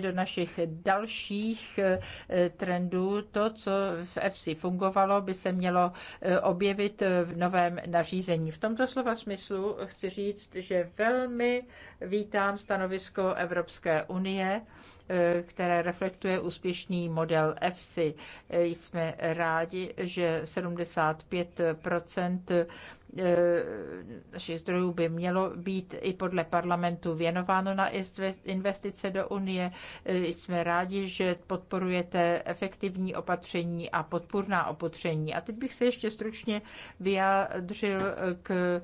do našich dalších eh, trendů. To, co v EFSI fungovalo, by se mělo eh, objevit eh, v novém nařízení. V tomto slova smyslu chci říct, že velmi vítám stanovisko Evropské unie, které reflektuje úspěšný model EFSI. Jsme rádi, že 75 Eh, našich zdrojů by mělo být i podle parlamentu věnováno na investice do Unie. Eh, jsme rádi, že podporujete efektivní opatření a podpůrná opatření. A teď bych se ještě stručně vyjádřil eh, k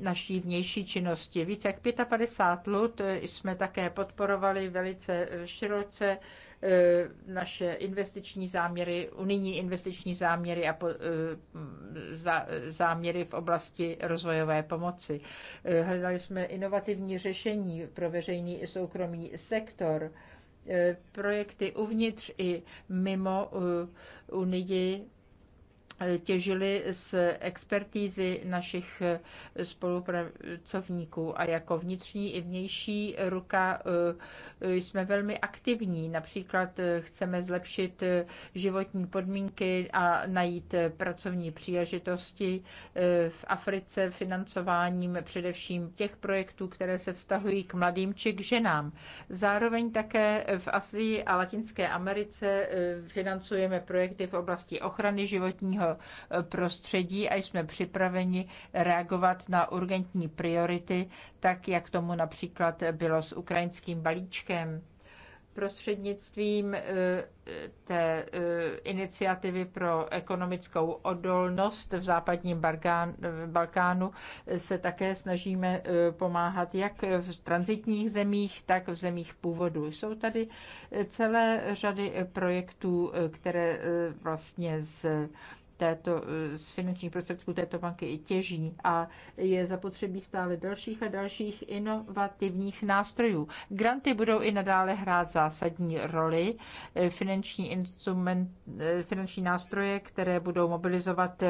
naší vnější činnosti. Více jak 55 lut jsme také podporovali velice široce Eh, naše investiční záměry, unijní investiční záměry a eh, záměry v oblasti rozvojové pomoci. Eh, hledali jsme inovativní řešení pro veřejný i soukromý sektor projekty uvnitř i mimo Unii těžili z expertízy našich spolupracovníků a jako vnitřní i vnější ruka eh, jsme velmi aktivní. Například eh, chceme zlepšit eh, životní podmínky a najít pracovní příležitosti v Africe financováním především těch projektů, které se vztahují k mladým či k ženám. Zároveň také v Asii a Latinské Americe financujeme projekty v oblasti ochrany životního prostředí a jsme připraveni reagovat na urgentní priority, tak jak tomu například bylo s ukrajinským balíčkem prostřednictvím eh, té eh, iniciativy pro ekonomickou odolnost v západním Balkánu eh, se také snažíme pomáhat jak v transitních zemích, tak v zemích původu. Jsou tady celé řady projektů, které vlastně z této, eh, z finančních prostředků této banky i těží a je zapotřebí stále dalších a dalších inovativních nástrojů. Granty budou i nadále hrát zásadní roli. Eh, finanční, instrument, eh, finanční nástroje, které budou mobilizovat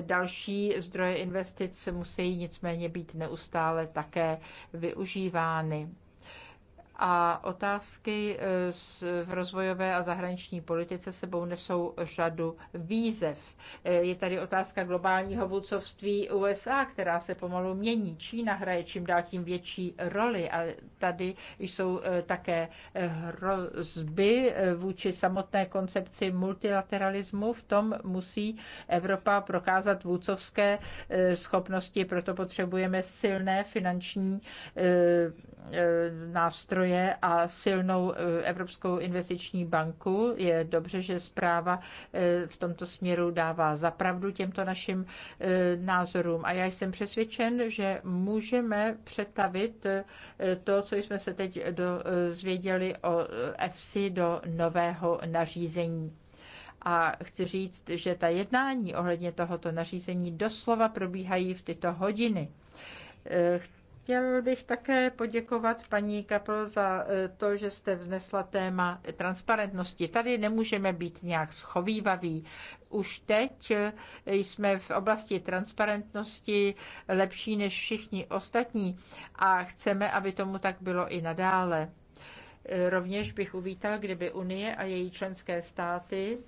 další zdroje investic, musí nicméně být neustále také využívány a otázky eh, v rozvojové a zahraniční politice sebou nesou řadu výzev. Eh, je tady otázka globálního vůdcovství USA, která se pomalu mění. Čína hraje čím dál tím větší roli a tady jsou eh, také hrozby vůči samotné koncepci multilateralismu. V tom musí Evropa prokázat vůdcovské schopnosti, proto potřebujeme silné finanční nástroje nástroje a silnou eh, Evropskou investiční banku. Je dobře, že zpráva eh, v tomto směru dává zapravdu těmto našim eh, názorům. A já jsem přesvědčen, že můžeme přetavit to, co jsme se teď dozvěděli o EFSI do nového nařízení. A chci říct, že ta jednání ohledně tohoto nařízení doslova probíhají v tyto hodiny Chtěl bych také poděkovat paní Kapl za eh, to, že jste vznesla téma transparentnosti. Tady nemůžeme být nějak schovývaví. Už teď eh, jsme v oblasti transparentnosti lepší než všichni ostatní a chceme, aby tomu tak bylo i nadále. Eh, rovněž bych uvítal, kdyby Unie a její členské státy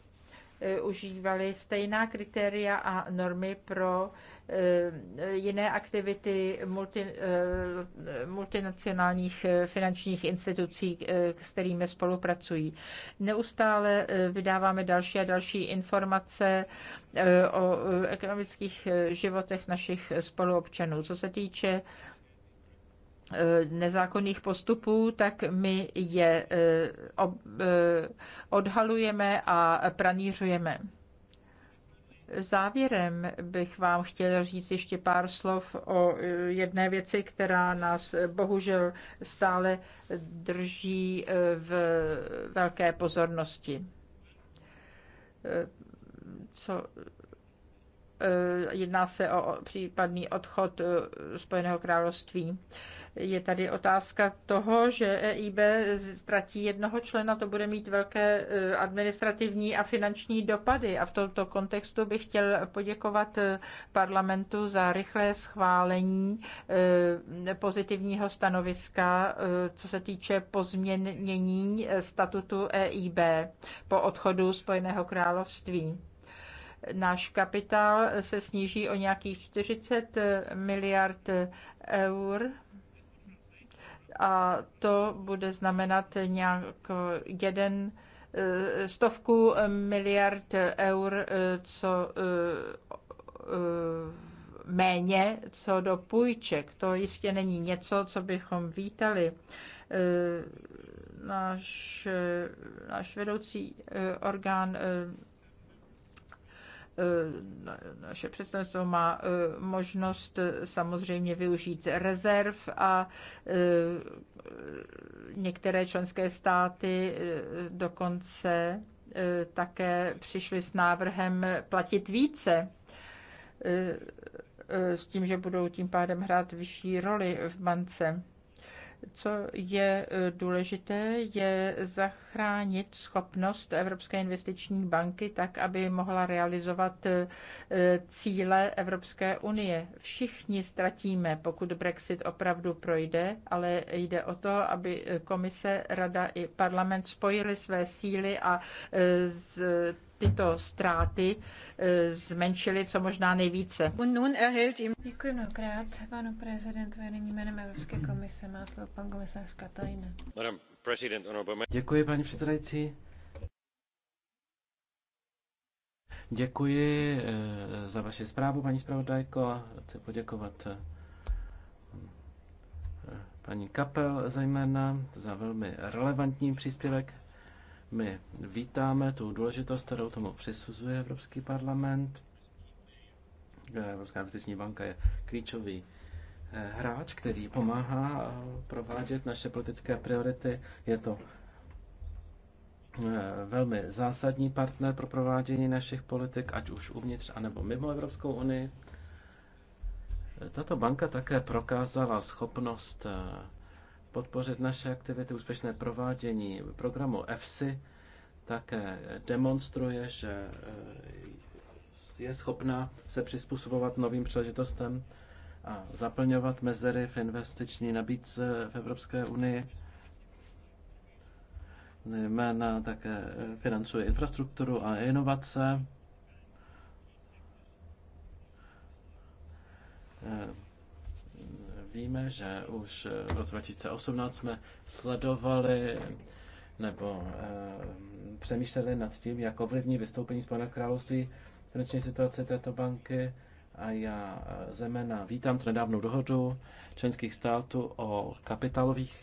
Eh, užívali stejná kritéria a normy pro eh, jiné aktivity multi, eh, multinacionálních finančních institucí, s kterými spolupracují. Neustále vydáváme další a další informace o ekonomických životech našich spoluobčanů. Co se týče Eh, nezákonných postupů, tak my je eh, eh, odhalujeme a pranířujeme. Závěrem bych vám chtěl říct ještě pár slov o jedné věci, která nás bohužel stále drží v velké pozornosti. Co jedná se o případný odchod Spojeného království je tady otázka toho, že EIB ztratí jednoho člena, to bude mít velké eh, administrativní a finanční dopady. A v tomto kontextu bych chtěl poděkovat eh, parlamentu za rychlé schválení eh, pozitivního stanoviska, co se týče pozměnění statutu EIB po odchodu Spojeného království náš kapitál se sníží o nějakých 40 miliard eur a to bude znamenat nějak jeden eh, stovku miliard eur, eh, co eh, méně co do půjček. To jistě není něco, co bychom vítali. Náš, náš vedoucí orgán Eh, naše představenstvo má eh, možnost eh, samozřejmě využít rezerv a některé členské státy dokonce také přišly s návrhem platit více s tím, že budou tím pádem hrát vyšší roli v bance. Co je e, důležité, je zachránit schopnost Evropské investiční banky tak, aby mohla realizovat e, cíle Evropské unie. Všichni ztratíme, pokud Brexit opravdu projde, ale jde o to, aby komise, rada i parlament spojili své síly a e, z tyto ztráty eh, zmenšili co možná nejvíce. Děkuji mnohokrát panu prezidentovi. Nyní jménem Evropské komise má slovo pan komisář Katajna. Děkuji, paní předsedající. Děkuji eh, za vaši zprávu, paní zpravodajko. Chci poděkovat eh, paní Kapel zejména za velmi relevantní příspěvek my vítáme tu důležitost, kterou tomu přisuzuje Evropský parlament. Eh, Evropská investiční banka je klíčový eh, hráč, který pomáhá eh, provádět naše politické priority. Je to velmi zásadní partner pro provádění našich politik, ať už uvnitř anebo mimo Evropskou unii. Tato banka také prokázala schopnost podpořit naše aktivity, úspěšné provádění programu EFSI, také demonstruje, že eh, je schopná se přizpůsobovat novým příležitostem a zaplňovat mezery v investiční nabídce v Evropské unii. Jména také eh, financuje infrastrukturu a inovace. Víme, že už eh, v roce 2018 jsme sledovali nebo e, přemýšleli nad tím, jak ovlivní vystoupení Spojené království finanční situace této banky a já eh, zemena vítám tu nedávnou dohodu členských států o kapitálových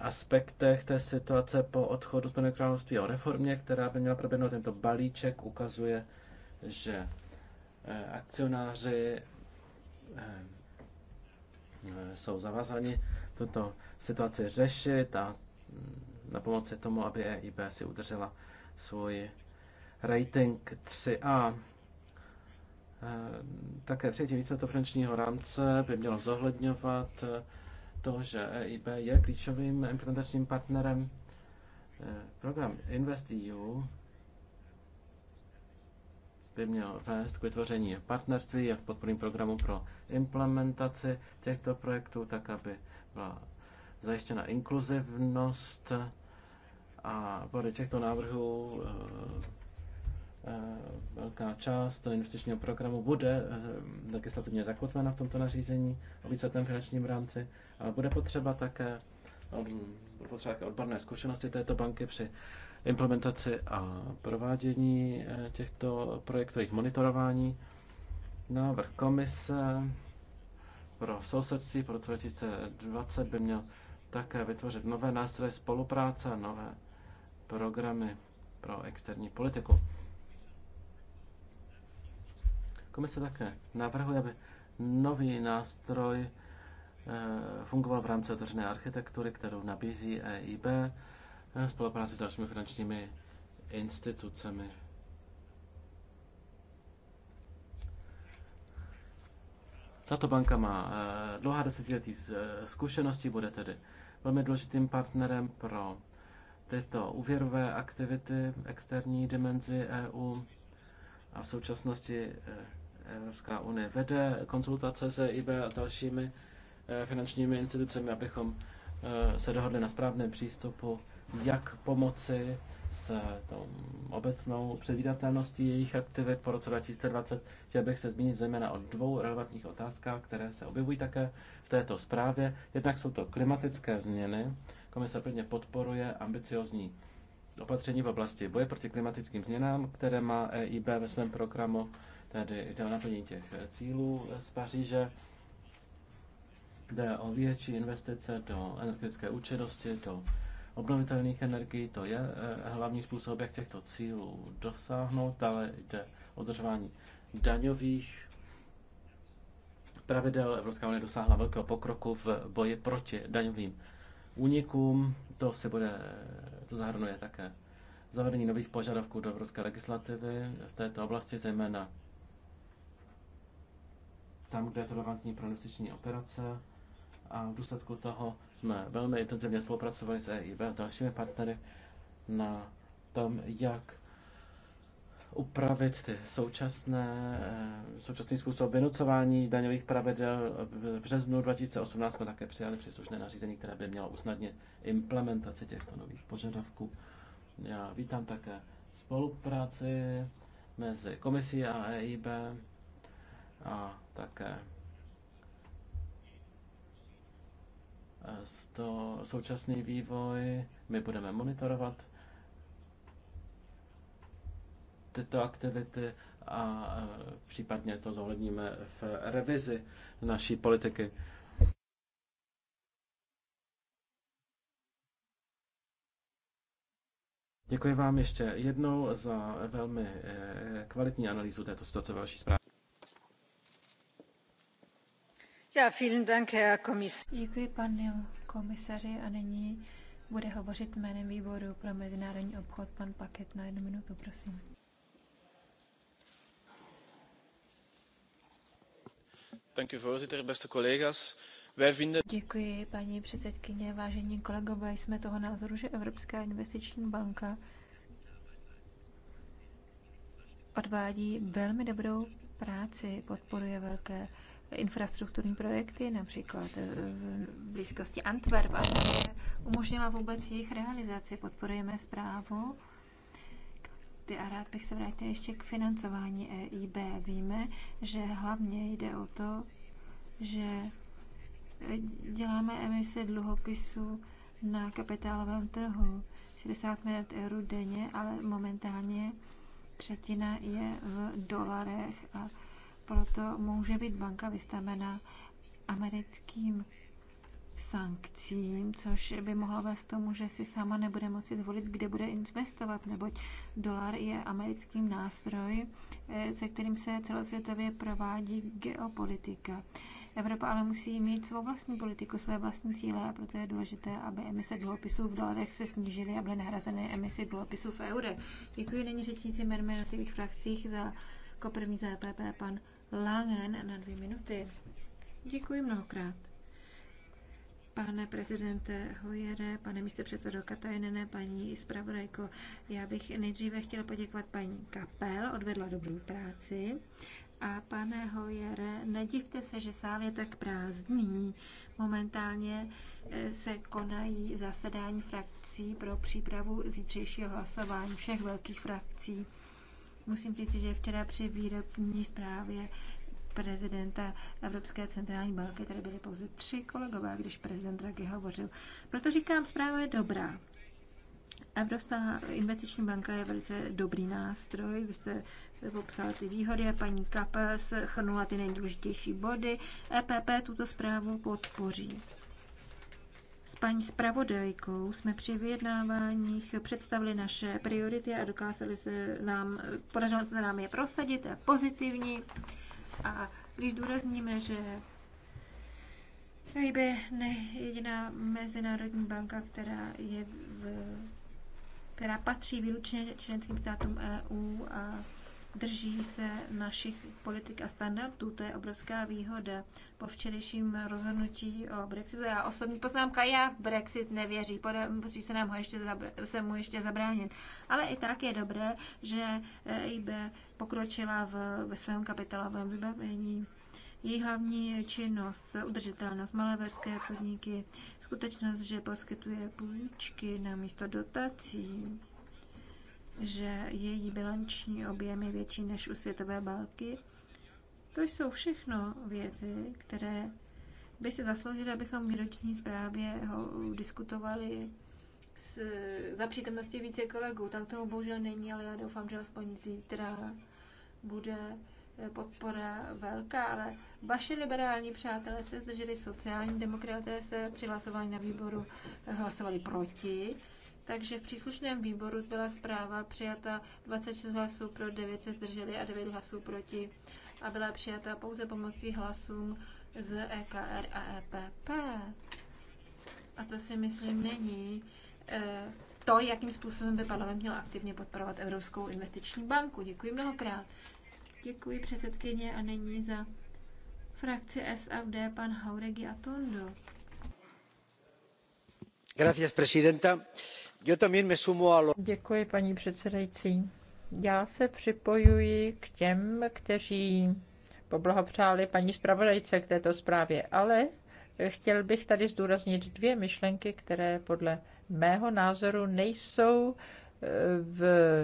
aspektech té situace po odchodu Spojeného království o reformě, která by měla proběhnout. Tento balíček ukazuje, že akcionáři Eh, jsou zavázáni tuto situaci řešit a mm, na pomoci tomu, aby EIB si udržela svůj rating 3A. Eh, také přijetí výsledku finančního rámce by mělo zohledňovat eh, to, že EIB je klíčovým implementačním partnerem. Program InvestEU by měl vést k vytvoření partnerství jak podporným programu pro implementaci těchto projektů, tak aby byla zajištěna inkluzivnost a podle těchto návrhů eh, eh, velká část investičního programu bude eh, legislativně zakotvena v tomto nařízení o víceletém finančním rámci, ale bude potřeba také, potřeba také odborné zkušenosti této banky při implementaci a provádění eh, těchto projektů, jejich monitorování. Návrh komise pro sousedství pro 2020 by měl také vytvořit nové nástroje spolupráce a nové programy pro externí politiku. Komise také navrhuje, aby nový nástroj eh, fungoval v rámci otevřené architektury, kterou nabízí EIB Eh, spolupráci s dalšími finančními institucemi. Tato banka má eh, dlouhá desetiletí eh, zkušenosti, bude tedy velmi důležitým partnerem pro tyto úvěrové aktivity, externí dimenzi EU a v současnosti Evropská unie vede konzultace se IB a s dalšími finančními institucemi, abychom se dohodli na správném přístupu jak pomoci s tou obecnou předvídatelností jejich aktivit po roce 2020. Chtěl bych se zmínit zejména o dvou relevantních otázkách, které se objevují také v této zprávě. Jednak jsou to klimatické změny. Komise plně podporuje ambiciozní opatření v oblasti boje proti klimatickým změnám, které má EIB ve svém programu, tedy jde o naplnění těch cílů z Paříže. Jde o větší investice do energetické účinnosti, do obnovitelných energií. To je eh, hlavní způsob, jak těchto cílů dosáhnout. Dále jde o dodržování daňových pravidel. Evropská unie dosáhla velkého pokroku v boji proti daňovým únikům. To se bude, to zahrnuje také zavedení nových požadavků do evropské legislativy v této oblasti, zejména tam, kde je to relevantní pro investiční operace a v důsledku toho jsme velmi intenzivně spolupracovali s EIB a s dalšími partnery na tom, jak upravit ty současné, eh, současný způsob vynucování daňových pravidel. V březnu 2018 jsme také přijali příslušné nařízení, které by mělo usnadnit implementaci těchto nových požadavků. Já vítám také spolupráci mezi komisí a EIB a také to současný vývoj. My budeme monitorovat tyto aktivity a případně to zohledníme v revizi naší politiky. Děkuji vám ještě jednou za velmi eh, kvalitní analýzu této situace vaší zprávy. Děkuji, pane komisaři, a nyní bude hovořit jménem výboru pro mezinárodní obchod pan Paket na jednu minutu, prosím. voorzitter beste collega's wij vinden. Děkuji, paní předsedkyně, vážení kolegové. Jsme toho názoru, že Evropská investiční banka odvádí velmi dobrou práci, podporuje velké infrastrukturní projekty, například eh, v blízkosti Antwerp, aby umožnila vůbec jejich realizaci. Podporujeme zprávu a rád bych se vrátil ještě k financování EIB. Víme, že hlavně jde o to, že eh, děláme emise dluhopisů na kapitálovém trhu 60 miliard eur denně, ale momentálně třetina je v dolarech a proto může být banka vystavena americkým sankcím, což by mohlo vést k tomu, že si sama nebude moci zvolit, kde bude investovat, neboť dolar je americkým nástroj, eh, se kterým se celosvětově provádí geopolitika. Evropa ale musí mít svou vlastní politiku, své vlastní cíle a proto je důležité, aby emise dluhopisů v dolarech se snížily a byly nahrazeny emisi dluhopisů v eurech. Děkuji nyní řečníci jménem jednotlivých frakcích za jako první za EPP pan Langen na dvě minuty. Děkuji mnohokrát. Pane prezidente Hojere, pane předsedo Katajnene, paní zpravodajko, já bych nejdříve chtěla poděkovat paní Kapel, odvedla dobrou práci. A pane Hojere, nedivte se, že sál je tak prázdný. Momentálně eh, se konají zasedání frakcí pro přípravu zítřejšího hlasování všech velkých frakcí. Musím říct, že včera při výrobní zprávě prezidenta Evropské centrální banky tady byly pouze tři kolegové, když prezident Draghi hovořil. Proto říkám, zpráva je dobrá. Evropská investiční banka je velice dobrý nástroj. Vy jste popsal ty výhody, paní Kapes chrnula ty nejdůležitější body. EPP tuto zprávu podpoří paní zpravodajkou jsme při vyjednáváních představili naše priority a dokázali se nám, podařilo se nám je prosadit, je pozitivní. A když důrazníme, že EIB je jediná mezinárodní banka, která je v, která patří výlučně členským státům EU a drží se našich politik a standardů. To je obrovská výhoda. Po včerejším rozhodnutí o Brexitu, já osobní poznámka, já Brexit nevěří, musí se nám ho ještě, se mu ještě zabránit. Ale i tak je dobré, že EIB eh, pokročila v, ve svém kapitálovém vybavení. Její hlavní činnost, udržitelnost malé podniky, skutečnost, že poskytuje půjčky na místo dotací, že její bilanční objem je větší než u světové banky. To jsou všechno věci, které by si zasloužily, abychom v výroční zprávě ho diskutovali s, za přítomnosti více kolegů. Tak tomu bohužel není, ale já doufám, že aspoň zítra bude podpora velká, ale vaši liberální přátelé se zdrželi, sociální demokraté se při hlasování na výboru hlasovali proti takže v příslušném výboru byla zpráva přijata 26 hlasů pro, 9 se zdrželi a 9 hlasů proti a byla přijata pouze pomocí hlasům z EKR a EPP. A to si myslím není eh, to, jakým způsobem by parlament měl aktivně podporovat Evropskou investiční banku. Děkuji mnohokrát. Děkuji předsedkyně a není za frakci SFD pan Hauregi Atondo. Děkuji, paní předsedající. Já se připojuji k těm, kteří poblahopřáli paní zpravodajce k této zprávě, ale chtěl bych tady zdůraznit dvě myšlenky, které podle mého názoru nejsou v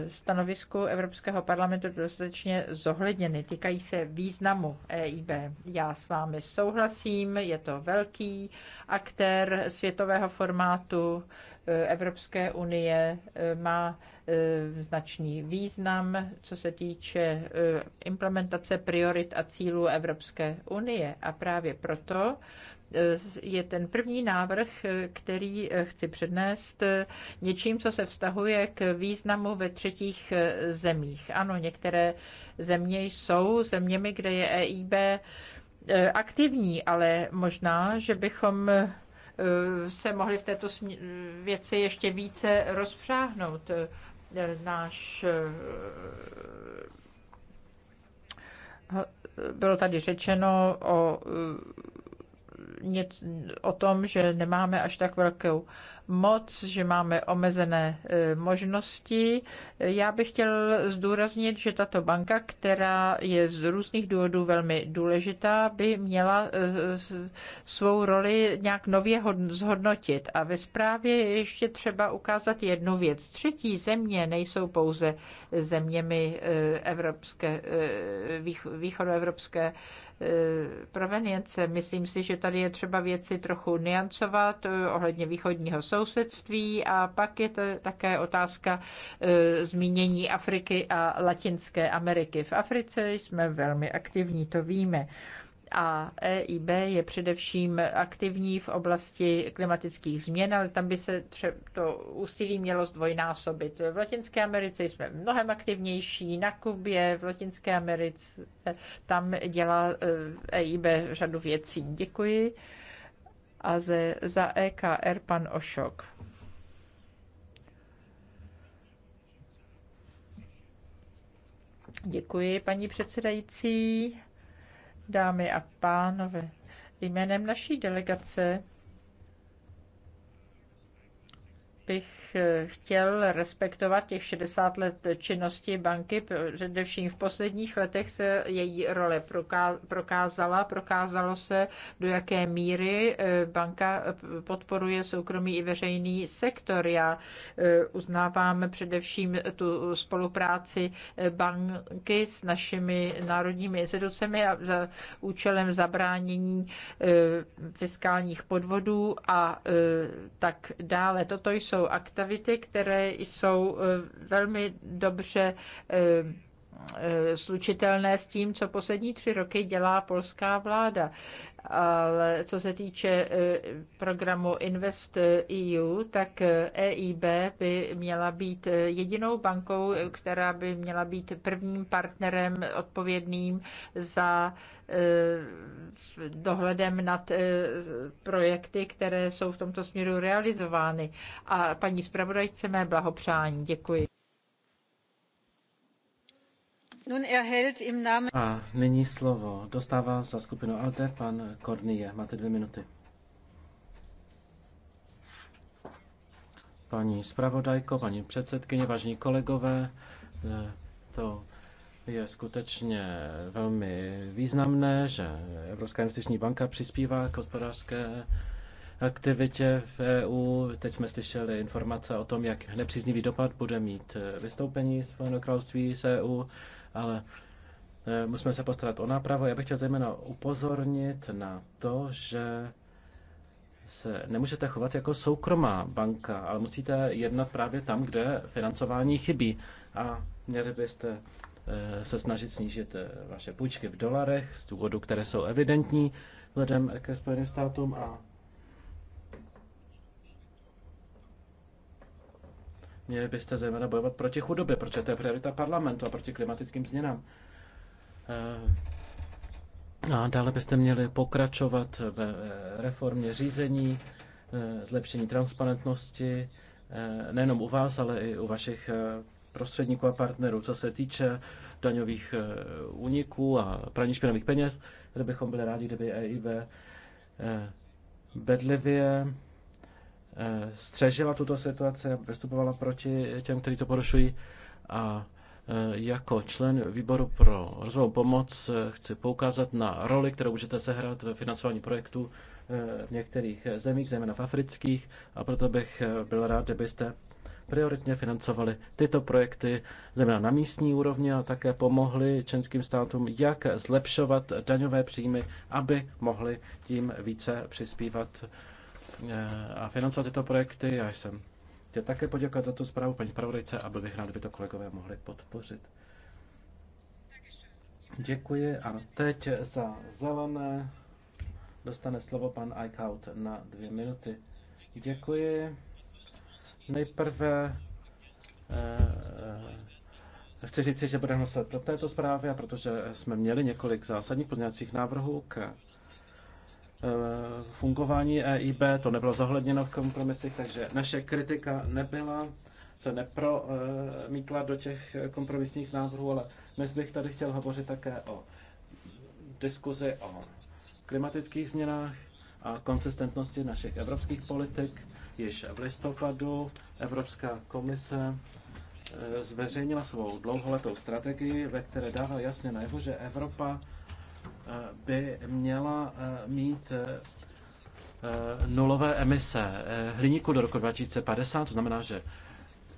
stanovisku Evropského parlamentu dostatečně zohledněny. Týkají se významu EIB. Já s vámi souhlasím, je to velký aktér světového formátu e, Evropské unie, e, má e, značný význam, co se týče implementace priorit a cílů Evropské unie. A právě proto je ten první návrh, který eh, chci přednést eh, něčím, co se vztahuje k významu ve třetích eh, zemích. Ano, některé země jsou zeměmi, kde je EIB aktivní, ale možná, že bychom se mohli v této věci ještě více rozpřáhnout. Náš bylo tady řečeno o o tom, že nemáme až tak velkou moc, že máme omezené e, možnosti. Já bych chtěl zdůraznit, že tato banka, která je z různých důvodů velmi důležitá, by měla e, svou roli nějak nově zhodnotit. A ve zprávě je ještě třeba ukázat jednu věc. Třetí země nejsou pouze zeměmi e, evropské, východoevropské provenience. Myslím si, že tady je třeba věci trochu niancovat eh, ohledně východního sousedství a pak je to také otázka eh, zmínění Afriky a Latinské Ameriky. V Africe jsme velmi aktivní, to víme a EIB je především aktivní v oblasti klimatických změn, ale tam by se to úsilí mělo zdvojnásobit. V Latinské Americe jsme mnohem aktivnější, na Kubě, v Latinské Americe tam dělá EIB e řadu věcí. Děkuji. A ze, za EKR pan Ošok. Děkuji, paní předsedající dámy a pánové jménem naší delegace bych eh, chtěl respektovat těch 60 let činnosti banky, především v posledních letech se její role prokázala, prokázalo se, do jaké míry eh, banka podporuje soukromý i veřejný sektor. Já eh, uznávám především tu spolupráci banky s našimi národními institucemi a za účelem zabránění fiskálních podvodů a tak dále. Toto jsou jsou aktivity, které jsou eh, velmi dobře eh, Eh, slučitelné s tím, co poslední tři roky dělá polská vláda. Ale co se týče eh, programu Invest EU, tak EIB eh, e by měla být jedinou bankou, která by měla být prvním partnerem odpovědným za dohledem nad projekty, které jsou v tomto směru realizovány. A paní zpravodajce mé blahopřání. Děkuji. Er A nyní slovo dostává za skupinu ALDE pan Kornie. Máte dvě minuty. Paní zpravodajko, paní předsedkyně, vážení kolegové, e, to je skutečně velmi významné, že Evropská investiční banka přispívá k hospodářské aktivitě v EU. Teď jsme slyšeli informace o tom, jak nepříznivý dopad bude mít vystoupení Spojeného království z EU ale eh, musíme se postarat o nápravu. Já bych chtěl zejména upozornit na to, že se nemůžete chovat jako soukromá banka, ale musíte jednat právě tam, kde financování chybí. A měli byste eh, se snažit snížit eh, vaše půjčky v dolarech z důvodu, které jsou evidentní vzhledem ke Spojeným státům a Měli byste zejména bojovat proti chudobě, protože to je priorita parlamentu a proti klimatickým změnám. Eh, a dále byste měli pokračovat ve eh, reformě řízení, eh, zlepšení transparentnosti, nejenom u vás, ale i u vašich prostředníků a partnerů, co se týče daňových úniků a praní špinavých peněz, kde bychom byli rádi, kdyby EIB bedlivě Eh, střežila tuto situaci, vystupovala proti těm, kteří to porušují a eh, jako člen výboru pro rozvoj pomoc eh, chci poukázat na roli, kterou můžete sehrát ve financování projektů v některých zemích, zejména v afrických, a proto bych byl rád, kdybyste prioritně financovali tyto projekty, zejména na místní úrovni, a také pomohli členským státům, jak zlepšovat daňové příjmy, aby mohli tím více přispívat Eh, a financovat tyto projekty. Já jsem tě také poděkovat za tu zprávu paní zpravodajce a byl bych rád, kdyby to kolegové mohli podpořit. Děkuji a teď za zelené dostane slovo pan Eichhout na dvě minuty. Děkuji. Nejprve eh, chci říci, že budeme hlasovat pro této zprávě, protože jsme měli několik zásadních pozměňovacích návrhů k Eh, fungování EIB, to nebylo zohledněno v kompromisech, takže naše kritika nebyla, se nepromítla eh, do těch kompromisních návrhů, ale dnes bych tady chtěl hovořit také o diskuzi o klimatických změnách a konsistentnosti našich evropských politik. Již v listopadu Evropská komise eh, zveřejnila svou dlouholetou strategii, ve které dává jasně najevo, že Evropa Eh, by měla eh, mít eh, nulové emise hliníku do roku 2050, to znamená, že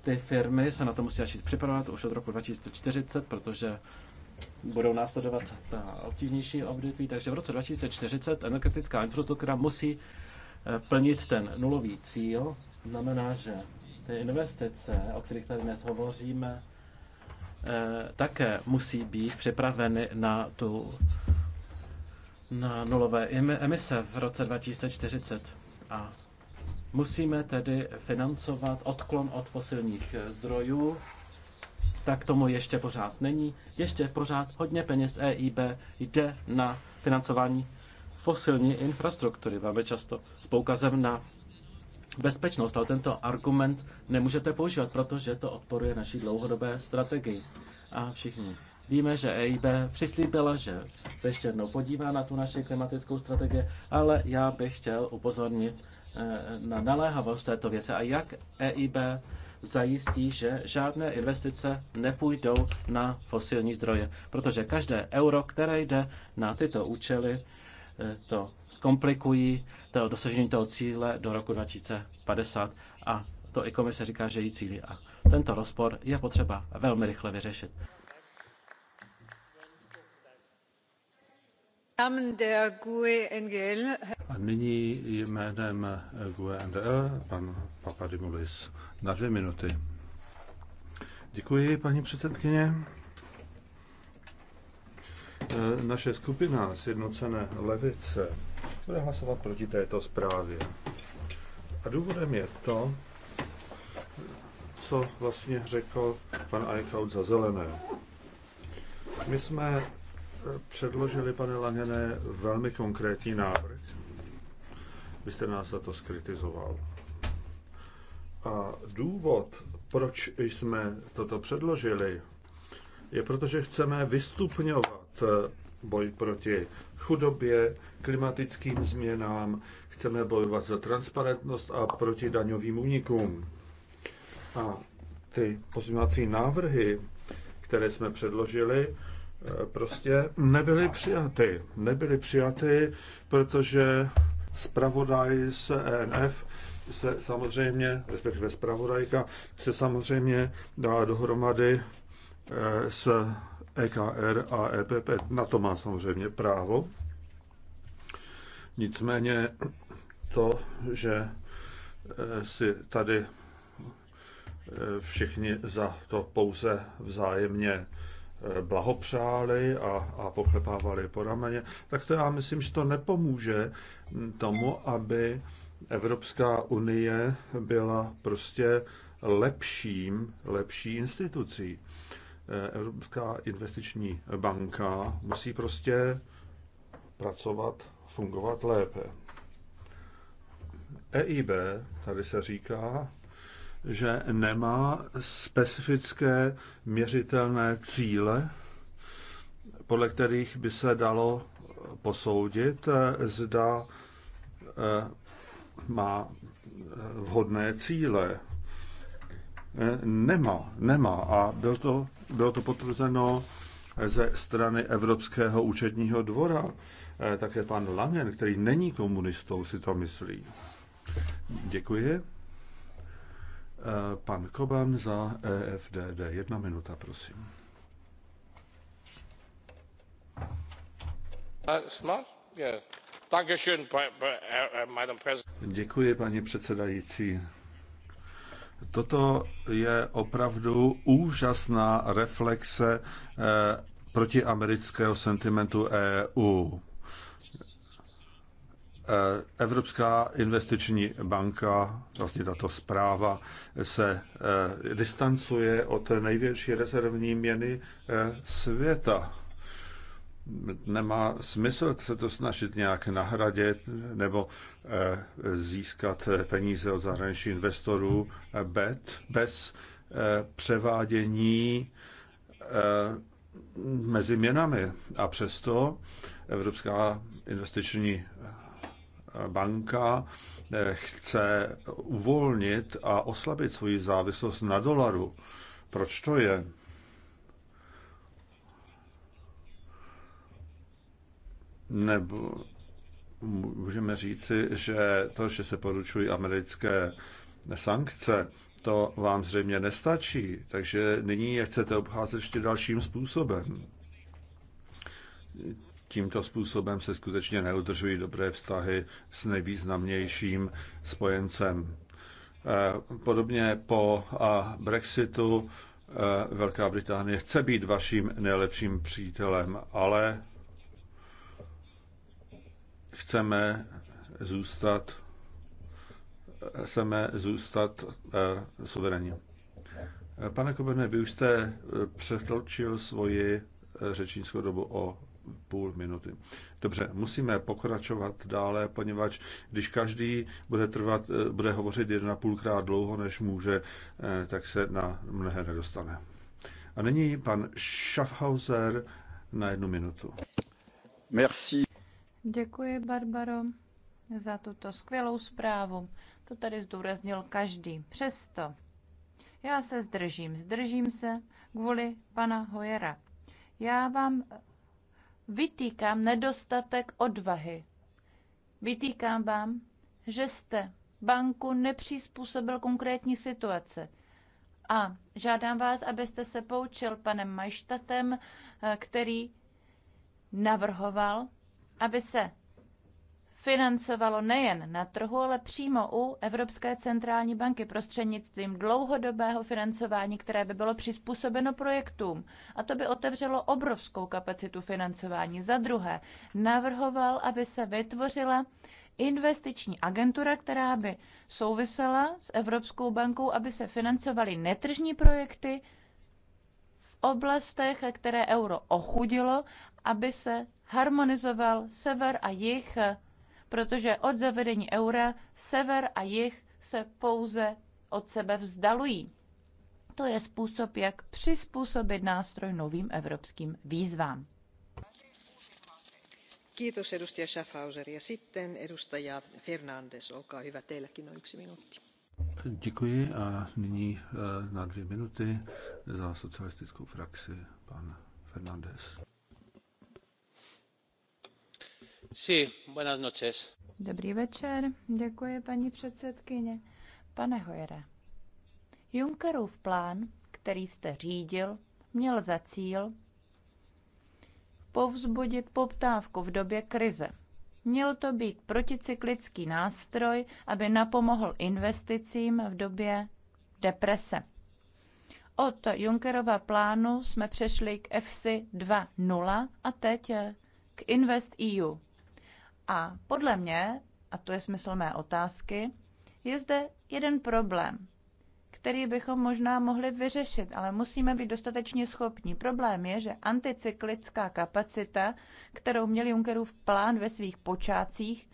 ty firmy se na to musí začít připravovat už od roku 2040, protože budou následovat ta obtížnější období, takže v roce 2040 energetická infrastruktura musí plnit ten nulový cíl, znamená, že ty investice, o kterých tady dnes hovoříme, také musí být připraveny na tu na nulové emise v roce 2040. A musíme tedy financovat odklon od fosilních eh, zdrojů, tak tomu ještě pořád není. Ještě pořád hodně peněz EIB jde na financování fosilní infrastruktury, velmi často s poukazem na bezpečnost, ale tento argument nemůžete používat, protože to odporuje naší dlouhodobé strategii. A všichni Víme, že EIB přislíbila, že se ještě jednou podívá na tu naši klimatickou strategii, ale já bych chtěl upozornit eh, na naléhavost této věci a jak EIB zajistí, že žádné investice nepůjdou na fosilní zdroje, protože každé euro, které jde na tyto účely, eh, to zkomplikují to dosažení toho cíle do roku 2050 a to i komise říká, že jí cílí. A tento rozpor je potřeba velmi rychle vyřešit. E A nyní jménem GUE NDL pan Papadimulis na dvě minuty. Děkuji, paní předsedkyně. E, naše skupina Sjednocené levice bude hlasovat proti této zprávě. A důvodem je to, co vlastně řekl pan Eichhout za zelené. My jsme předložili, pane Langené, velmi konkrétní návrh. Vy jste nás za to skritizoval. A důvod, proč jsme toto předložili, je proto, že chceme vystupňovat boj proti chudobě, klimatickým změnám, chceme bojovat za transparentnost a proti daňovým únikům. A ty pozměňovací návrhy, které jsme předložili, prostě nebyly přijaty. Nebyly přijaty, protože zpravodaj z ENF se samozřejmě, respektive zpravodajka, se samozřejmě dala dohromady e, s EKR a EPP. Na to má samozřejmě právo. Nicméně to, že e, si tady e, všichni za to pouze vzájemně blahopřáli a, a pochlepávali po rameně, tak to já myslím, že to nepomůže tomu, aby Evropská unie byla prostě lepším, lepší institucí. Evropská investiční banka musí prostě pracovat, fungovat lépe. EIB, tady se říká, že nemá specifické měřitelné cíle, podle kterých by se dalo posoudit, zda eh, má eh, vhodné cíle. Eh, nemá, nemá. A bylo to, bylo to potvrzeno ze strany Evropského účetního dvora. Také pan Langen, který není komunistou, si to myslí. Děkuji. Pan Koban za EFDD. Jedna minuta, prosím. Uh, uh, uh, Děkuji, paní předsedající. Toto je opravdu úžasná reflexe eh, protiamerického sentimentu EU. Eh, Evropská investiční banka, vlastně tato zpráva, se eh, distancuje od největší rezervní měny eh, světa. Nemá smysl se to snažit nějak nahradit nebo získat peníze od zahraničních investorů bez převádění mezi měnami. A přesto Evropská investiční banka eh, chce uvolnit a oslabit svoji závislost na dolaru. Proč to je? Nebo můžeme říci, že to, že se poručují americké sankce, to vám zřejmě nestačí, takže nyní je chcete obcházet ještě dalším způsobem tímto způsobem se skutečně neudržují dobré vztahy s nejvýznamnějším spojencem. Eh, podobně po eh, Brexitu eh, Velká Británie chce být vaším nejlepším přítelem, ale chceme zůstat chceme zůstat suverénní. Pane Koberne, vy už jste přetlčil svoji řečnickou dobu o půl minuty. Dobře, musíme pokračovat dále, poněvadž když každý bude, trvat, eh, bude hovořit jedna a půlkrát dlouho, než může, eh, tak se na mnohé nedostane. A nyní pan Schaffhauser na jednu minutu. Merci. Děkuji, Barbaro, za tuto skvělou zprávu. To tady zdůraznil každý. Přesto já se zdržím. Zdržím se kvůli pana Hojera. Já vám vytýkám nedostatek odvahy. Vytýkám vám, že jste banku nepřizpůsobil konkrétní situace A žádám vás, abyste se poučil panem Majštatem, eh, který navrhoval, aby se financovalo nejen na trhu, ale přímo u Evropské centrální banky prostřednictvím dlouhodobého financování, které by bylo přizpůsobeno projektům. A to by otevřelo obrovskou kapacitu financování. Za druhé, navrhoval, aby se vytvořila investiční agentura, která by souvisela s Evropskou bankou, aby se financovaly netržní projekty v oblastech, které euro ochudilo, aby se harmonizoval sever a jich protože od zavedení eura sever a jih se pouze od sebe vzdalují. To je způsob, jak přizpůsobit nástroj novým evropským výzvám. Kiitos edustaja Schaffhauser. Ja sitten edustaja Fernandes, olkaa hyvä, teilläkin on yksi minuutti. Děkuji a nyní eh, na dvě minuty za socialistickou frakci pan Fernandes. Sí, Dobrý večer, děkuji paní předsedkyně. Pane Hojere, Junckerův plán, který jste řídil, měl za cíl povzbudit poptávku v době krize. Měl to být proticyklický nástroj, aby napomohl investicím v době deprese. Od Junckerova plánu jsme přešli k FSI 2.0 a teď k Invest EU. A podle mě, a to je smysl mé otázky, je zde jeden problém, který bychom možná mohli vyřešit, ale musíme být dostatečně schopní. Problém je, že anticyklická kapacita, kterou měl Junckerův plán ve svých počátcích,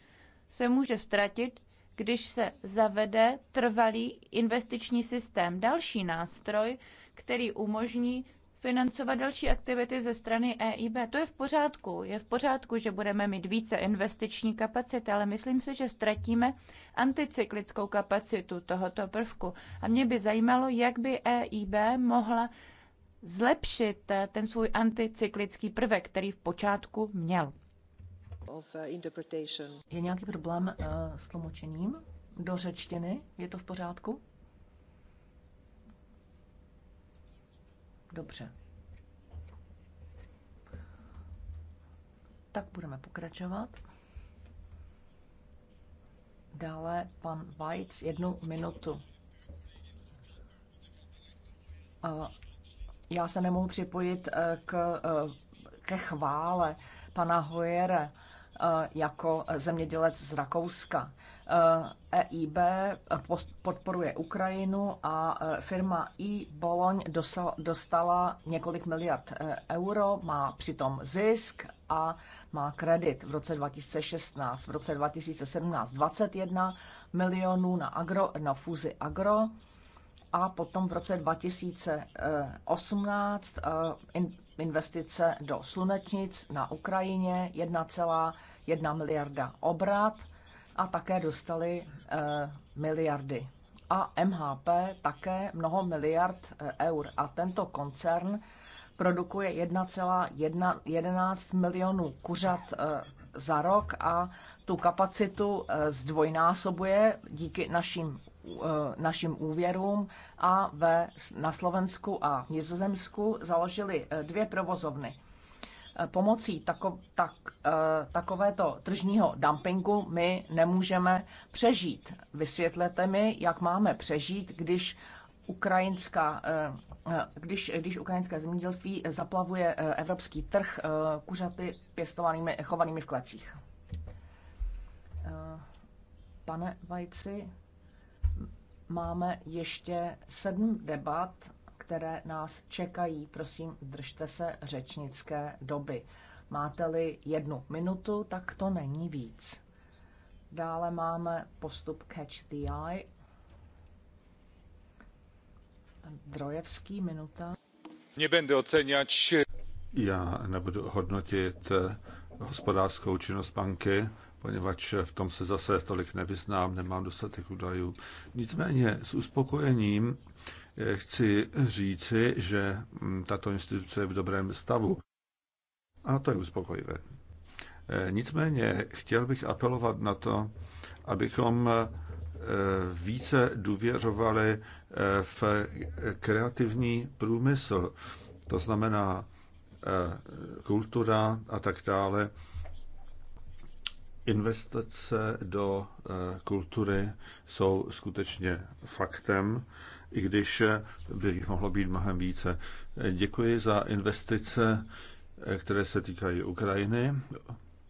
se může ztratit, když se zavede trvalý investiční systém, další nástroj, který umožní financovat další aktivity ze strany EIB. To je v pořádku. Je v pořádku, že budeme mít více investiční kapacity, ale myslím si, že ztratíme anticyklickou kapacitu tohoto prvku. A mě by zajímalo, jak by EIB mohla zlepšit eh, ten svůj anticyklický prvek, který v počátku měl. Eh, je nějaký problém uh, s tlumočením do řečtiny? Je to v pořádku? Dobře. Tak budeme pokračovat. Dále pan Vajc jednu minutu. Já se nemohu připojit eh, k, eh, ke chvále pana Hojere Eh, jako zemědělec z Rakouska. EIB eh, e eh, podporuje Ukrajinu a firma i Boloň dostala několik miliard euro, má přitom zisk a má kredit v roce 2016, v roce 2017 21 milionů na, agro, na fuzi agro a potom v roce 2018 eh, investice do slunečnic na Ukrajině 1,1 miliarda obrat a také dostali eh, miliardy. A MHP také mnoho miliard eh, eur. A tento koncern produkuje 1,11 milionů kuřat za rok a tu kapacitu zdvojnásobuje díky našim Eh, našim úvěrům a ve, na Slovensku a Nizozemsku založili eh, dvě provozovny. Eh, pomocí tako, tak, takovéto tržního dumpingu my nemůžeme přežít. Vysvětlete mi, jak máme přežít, když ukrajinská, když, když ukrajinské zemědělství zaplavuje evropský trh kuřaty pěstovanými, chovanými v klecích. Pane Vajci, Máme ještě sedm debat, které nás čekají. Prosím, držte se řečnické doby. Máte-li jednu minutu, tak to není víc. Dále máme postup Catch the Eye. Drojevský minuta. Nebudem oceňat. Já nebudu hodnotit hospodářskou činnost banky, poněvadž v tom se zase tolik nevyznám, nemám dostatek údajů. Nicméně s uspokojením eh, chci říci, že mm, tato instituce je v dobrém stavu. A to je uspokojivé. Eh, nicméně chtěl bych apelovat na to, abychom eh, více důvěřovali v kreativní průmysl, to znamená kultura a tak dále, Investice do eh, kultury jsou skutečně faktem, i když eh, by jich mohlo být mnohem více. Děkuji za investice, eh, které se týkají Ukrajiny.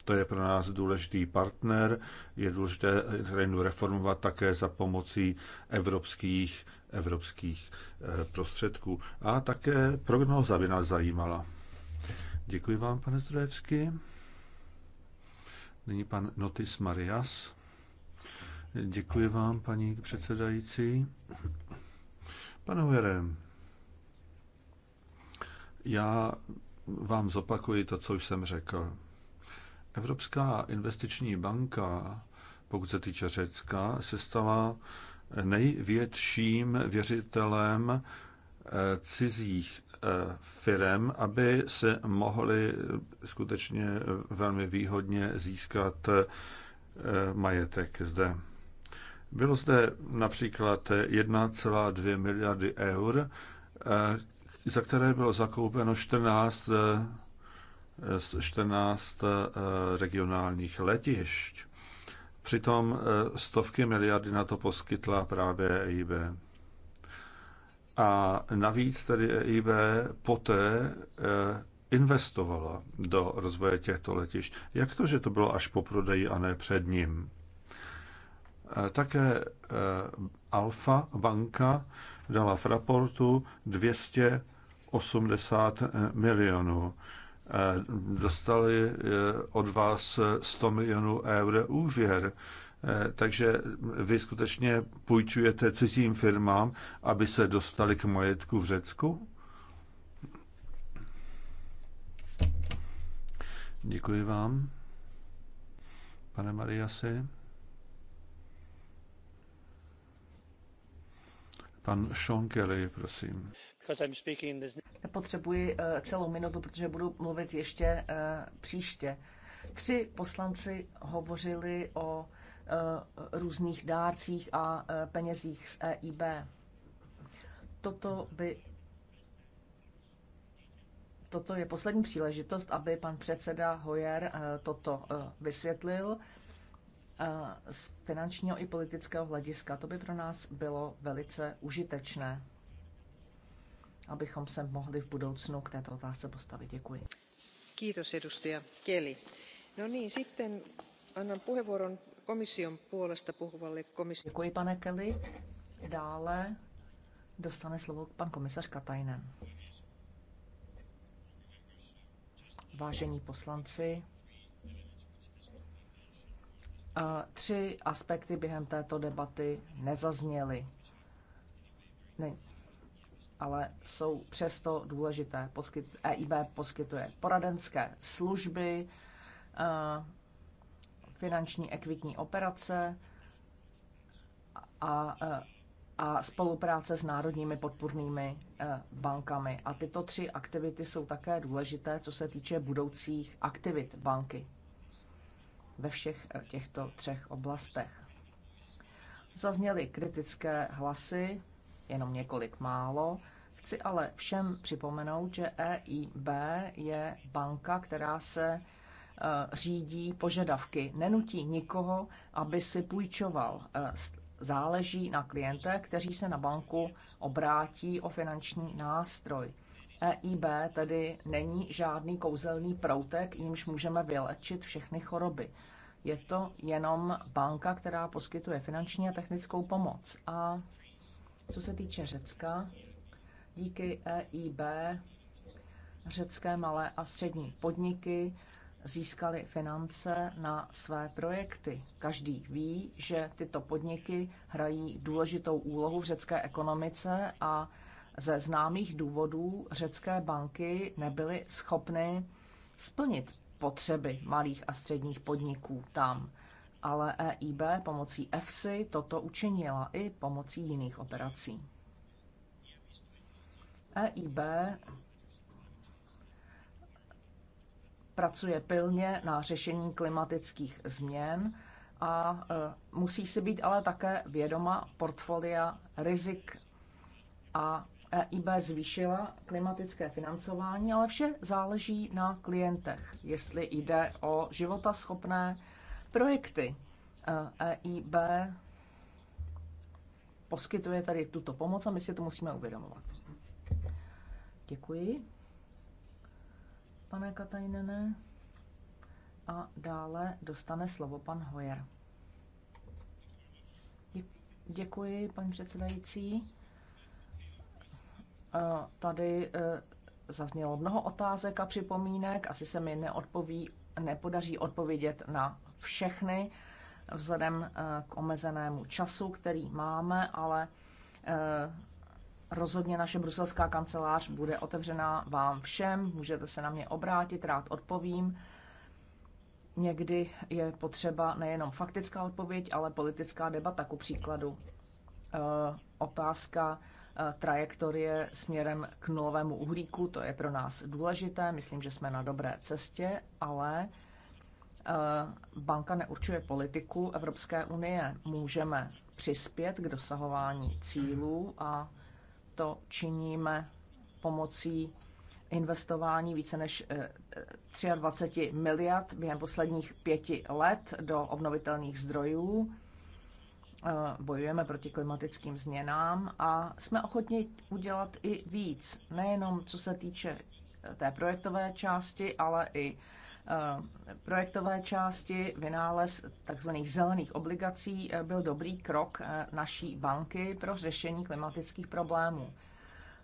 To je pro nás důležitý partner. Je důležité Ukrajinu reformovat také za pomocí evropských, evropských prostředků. A také prognóza by nás zajímala. Děkuji vám, pane Zdrojevský. Nyní pan Notis Marias. Děkuji vám, paní předsedající. Pane Huere, já vám zopakuji to, co jsem řekl. Evropská investiční banka, pokud se týče Řecka, se stala největším věřitelem eh, cizích firem, aby se mohly skutečně velmi výhodně získat eh, majetek zde. Bylo zde například 1,2 miliardy eur, eh, za které bylo zakoupeno 14, 14 eh, regionálních letišť. Přitom stovky miliardy na to poskytla právě EIB. A navíc tedy EIB poté eh, investovala do rozvoje těchto letišť. Jak to, že to bylo až po prodeji a ne před ním? Eh, také eh, Alfa banka dala v raportu 280 milionů. Dostali od vás 100 milionů eur úvěr. Eh, takže vy skutečně půjčujete cizím firmám, aby se dostali k majetku v Řecku? Děkuji vám, pane Mariasi. Pan Sean Kelly, prosím. Potřebuji eh, celou minutu, protože budu mluvit ještě eh, příště. Tři poslanci hovořili o Eh, různých dárcích a eh, penězích z EIB. Toto by Toto je poslední příležitost, aby pan předseda Hoyer eh, toto vysvětlil z finančního i politického hlediska. To by pro nás bylo velice užitečné, abychom se mohli v budoucnu k této otázce postavit. Děkuji. Kýtos, edustaja Kelly. No niin, sitten annan puheenvuoron komission puolesta puhuvalle Děkuji, pane Kelly. Dále dostane slovo pan komisař Katajnen. Vážení poslanci, eh, tři aspekty během této debaty nezazněly. Ne, ale jsou přesto důležité. EIB poskytuje poradenské služby, eh, finanční ekvitní operace a, a spolupráce s národními podpůrnými e, bankami. A tyto tři aktivity jsou také důležité, co se týče budoucích aktivit banky ve všech e, těchto třech oblastech. Zazněly kritické hlasy, jenom několik málo. Chci ale všem připomenout, že EIB je banka, která se Eh, řídí požadavky, nenutí nikoho, aby si půjčoval. Eh, záleží na kliente, kteří se na banku obrátí o finanční nástroj. EIB tedy není žádný kouzelný proutek, jímž můžeme vylečit všechny choroby. Je to jenom banka, která poskytuje finanční a technickou pomoc. A co se týče Řecka, díky EIB řecké malé a střední podniky získali finance na své projekty. Každý ví, že tyto podniky hrají důležitou úlohu v řecké ekonomice a ze známých důvodů řecké banky nebyly schopny splnit potřeby malých a středních podniků tam. Ale EIB pomocí EFSI toto učinila i pomocí jiných operací. EIB pracuje pilně na řešení klimatických změn a e, musí si být ale také vědoma portfolia rizik. A EIB zvýšila klimatické financování, ale vše záleží na klientech, jestli jde o životaschopné projekty. EIB e poskytuje tady tuto pomoc a my si to musíme uvědomovat. Děkuji pane Katajnene. A dále dostane slovo pan Hojer. Děkuji, paní předsedající. Eh, tady eh, zaznělo mnoho otázek a připomínek. Asi se mi neodpoví, nepodaří odpovědět na všechny vzhledem eh, k omezenému času, který máme, ale Rozhodně naše bruselská kancelář bude otevřená vám všem, můžete se na mě obrátit, rád odpovím. Někdy je potřeba nejenom faktická odpověď, ale politická debata, ku příkladu eh, otázka eh, trajektorie směrem k nulovému uhlíku, to je pro nás důležité, myslím, že jsme na dobré cestě, ale eh, banka neurčuje politiku Evropské unie. Můžeme přispět k dosahování cílů a to činíme pomocí investování více než 23 eh, eh, miliard během posledních pěti let do obnovitelných zdrojů. Eh, bojujeme proti klimatickým změnám a jsme ochotni udělat i víc, nejenom co se týče té projektové části, ale i Eh, projektové části vynález tzv. zelených obligací eh, byl dobrý krok eh, naší banky pro řešení klimatických problémů.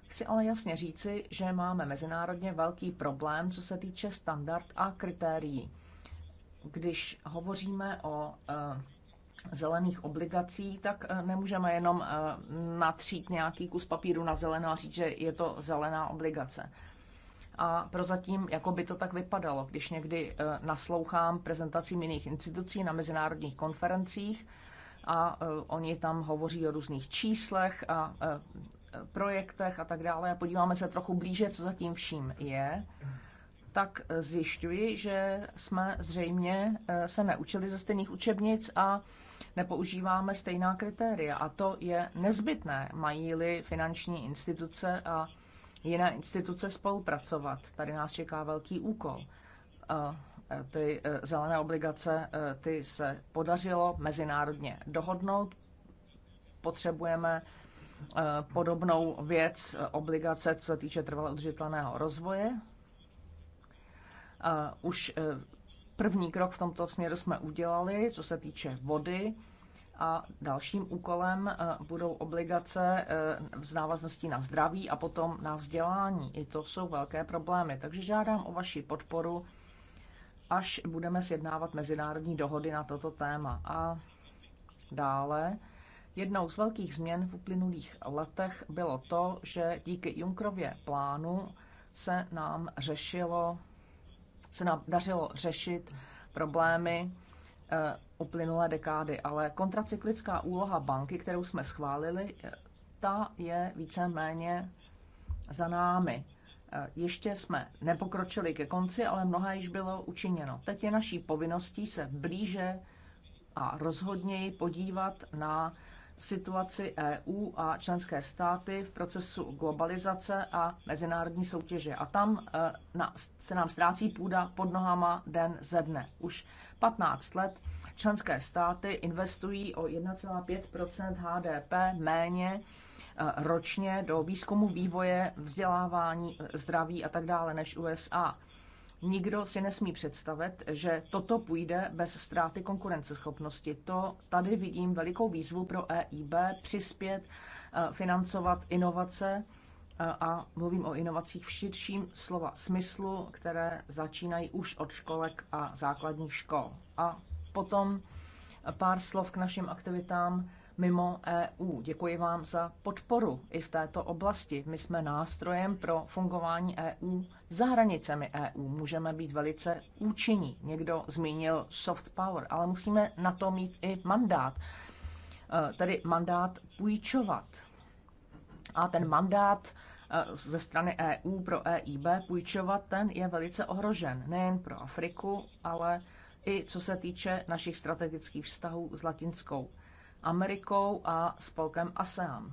Chci ale jasně říci, že máme mezinárodně velký problém, co se týče standard a kritérií. Když hovoříme o zelených obligací, tak nemůžeme jenom natřít nějaký kus papíru na zelenou a říct, že je to zelená obligace a prozatím jako by to tak vypadalo, když někdy eh, naslouchám prezentacím jiných institucí na mezinárodních konferencích a eh, oni tam hovoří o různých číslech a eh, projektech a tak dále. Podíváme se trochu blíže, co zatím vším je tak zjišťuji, že jsme zřejmě se neučili ze stejných učebnic a nepoužíváme stejná kritéria. A to je nezbytné, mají-li finanční instituce a jiné instituce spolupracovat. Tady nás čeká velký úkol. E, ty e, zelené obligace, e, ty se podařilo mezinárodně dohodnout. Potřebujeme podobnou věc obligace, co se týče trvalého udržitelného rozvoje. Už první krok v tomto směru jsme udělali, co se týče vody a dalším úkolem eh, budou obligace eh, v návaznosti na zdraví a potom na vzdělání. I to jsou velké problémy, takže žádám o vaši podporu, až budeme sjednávat mezinárodní dohody na toto téma. A dále jednou z velkých změn v uplynulých letech bylo to, že díky Junkrově plánu se nám řešilo, se nám dařilo řešit problémy, Eh, uplynulé dekády, ale kontracyklická úloha banky, kterou jsme schválili, eh, ta je víceméně za námi. Eh, ještě jsme nepokročili ke konci, ale mnohé již bylo učiněno. Teď je naší povinností se blíže a rozhodněji podívat na situaci EU a členské státy v procesu globalizace a mezinárodní soutěže. A tam eh, se nám ztrácí půda pod nohama den ze dne. Už 15 let členské státy investují o 1,5 HDP méně eh, ročně do výzkumu, vývoje, vzdělávání, eh, zdraví a tak dále než USA. Nikdo si nesmí představit, že toto půjde bez ztráty konkurenceschopnosti. To tady vidím velikou výzvu pro EIB přispět, eh, financovat inovace eh, a mluvím o inovacích v širším slova smyslu, které začínají už od školek a základních škol. A potom pár slov k našim aktivitám mimo EU. Děkuji vám za podporu i v této oblasti. My jsme nástrojem pro fungování EU za hranicemi EU. Můžeme být velice účinní. Někdo zmínil soft power, ale musíme na to mít i mandát. E, tedy mandát půjčovat. A ten mandát e, ze strany EU pro EIB půjčovat, ten je velice ohrožen. Nejen pro Afriku, ale i co se týče našich strategických vztahů s Latinskou Amerikou a spolkem ASEAN.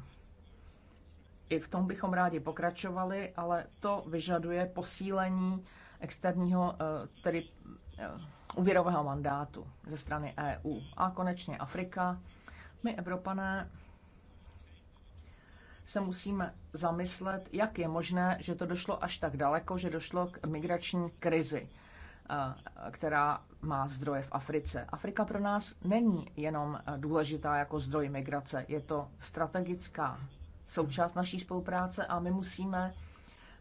I v tom bychom rádi pokračovali, ale to vyžaduje posílení externího, eh, tedy eh, úvěrového mandátu ze strany EU. A konečně Afrika. My, Evropané, se musíme zamyslet, jak je možné, že to došlo až tak daleko, že došlo k migrační krizi která má zdroje v Africe. Afrika pro nás není jenom důležitá jako zdroj migrace, je to strategická součást naší spolupráce a my musíme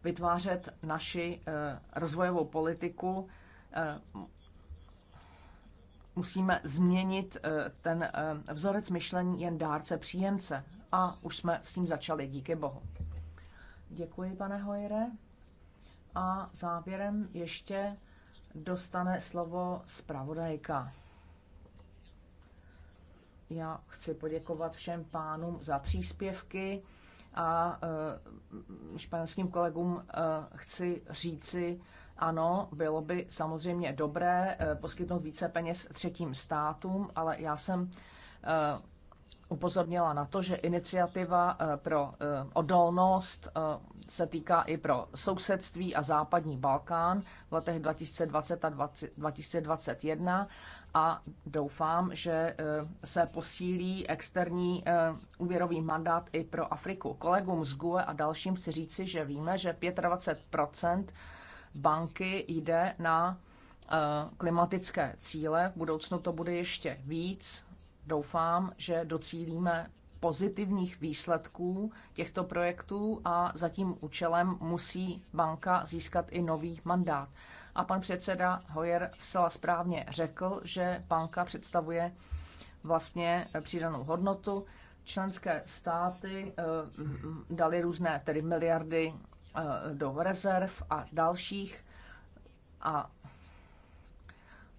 vytvářet naši e, rozvojovou politiku. E, musíme změnit e, ten vzorec myšlení jen dárce příjemce. A už jsme s tím začali, díky bohu. Děkuji, pane Hojere. A závěrem ještě dostane slovo zpravodajka. Já chci poděkovat všem pánům za příspěvky a eh, španělským kolegům eh, chci říci, ano, bylo by samozřejmě dobré eh, poskytnout více peněz třetím státům, ale já jsem upozornila na to, že iniciativa eh, pro eh, odolnost eh, se týká i pro sousedství a západní Balkán v letech 2020 a 2021 a doufám, že se posílí externí úvěrový mandát i pro Afriku. Kolegům z GUE a dalším chci říci, že víme, že 25 banky jde na klimatické cíle, v budoucnu to bude ještě víc, Doufám, že docílíme pozitivních výsledků těchto projektů a za tím účelem musí banka získat i nový mandát. A pan předseda Hoyer vcela správně řekl, že banka představuje vlastně přidanou hodnotu. Členské státy eh, dali různé tedy miliardy eh, do rezerv a dalších a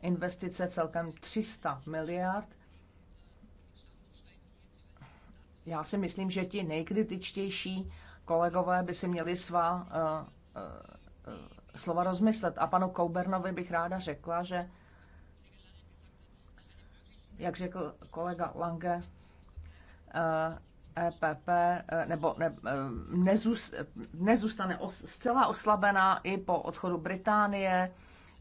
investice celkem 300 miliard – já si myslím, že ti nejkritičtější kolegové by si měli svá uh, uh, uh, slova rozmyslet. A panu Koubernovi bych ráda řekla, že, jak řekl kolega Lange, uh, eh, EPP nebo ne, nezůst, nezůstane os, zcela oslabená i po odchodu Británie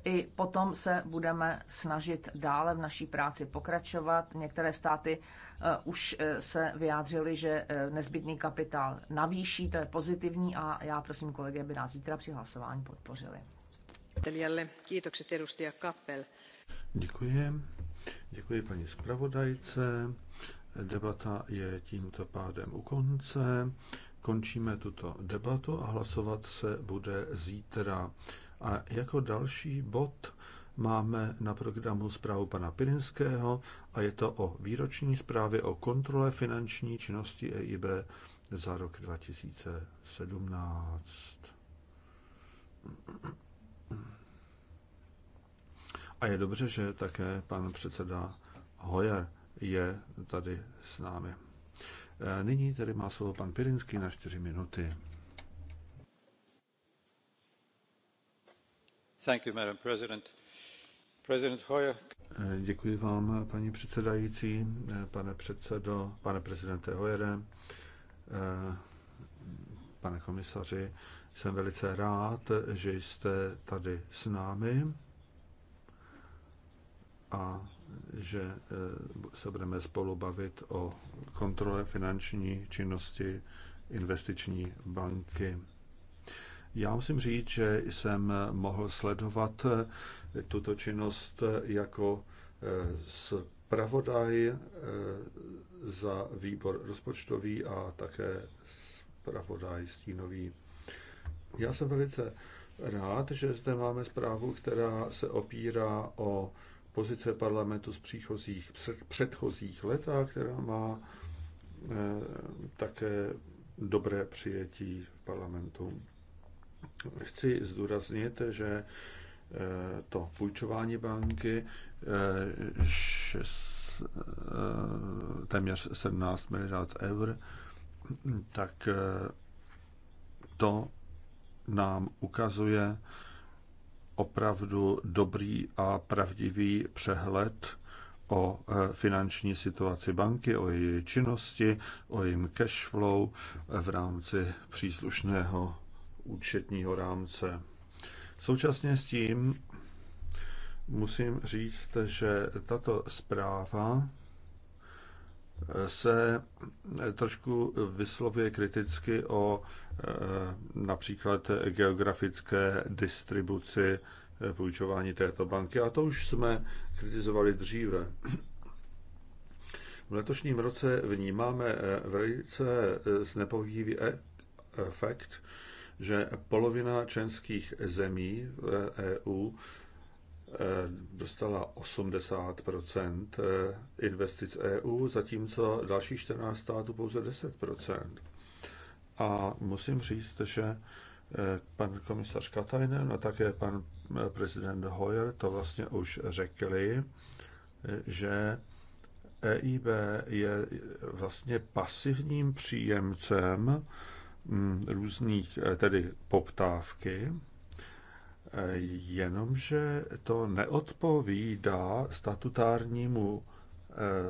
i potom se budeme snažit dále v naší práci pokračovat. Některé státy eh, už eh, se vyjádřily, že eh, nezbytný kapitál navýší, to je pozitivní a já prosím kolegy, aby nás zítra při hlasování podpořili. Děkuji. Děkuji paní zpravodajce. Debata je tímto pádem u konce. Končíme tuto debatu a hlasovat se bude zítra. A jako další bod máme na programu zprávu pana Pirinského a je to o výroční zprávě o kontrole finanční činnosti EIB za rok 2017. A je dobře, že také pan předseda Hoyer je tady s námi. E, nyní tedy má slovo pan Pirinský na čtyři minuty. paní předsedající děkuji vám paní předsedající pane předsedo pane prezidente hoyere pane komisaři jsem velice rád že jste tady s námi a že eh, se budeme spolu bavit o kontrole finanční činnosti investiční banky. Já musím říct, že jsem mohl sledovat eh, tuto činnost eh, jako eh, zpravodaj za výbor rozpočtový a také zpravodaj stínový. Já jsem velice rád, že zde máme zprávu, která se opírá o pozice parlamentu z příchozích, předchozích let a která má také dobré přijetí v parlamentu. Chci zdůraznit, že eh, to půjčování banky eh, eh, téměř 17 miliard eur, tak to nám ukazuje opravdu dobrý a pravdivý přehled o finanční situaci banky, o její činnosti, o jejím cash flow v rámci příslušného účetního rámce. Současně s tím musím říct, že tato zpráva se trošku vyslovuje kriticky o eh, například geografické distribuci eh, půjčování této banky. A to už jsme kritizovali dříve. V letošním roce vnímáme eh, velice znepovývý e-, efekt že polovina členských zemí v EU eh, dostala 80 eh, investic EU, zatímco další 14 států pouze 10 A musím říct, že eh, pan komisař Katajnen a také pan prezident Hoyer to vlastně už řekli, že EIB je vlastně pasivním příjemcem Mm, různých eh, tedy poptávky, eh, jenomže to neodpovídá statutárnímu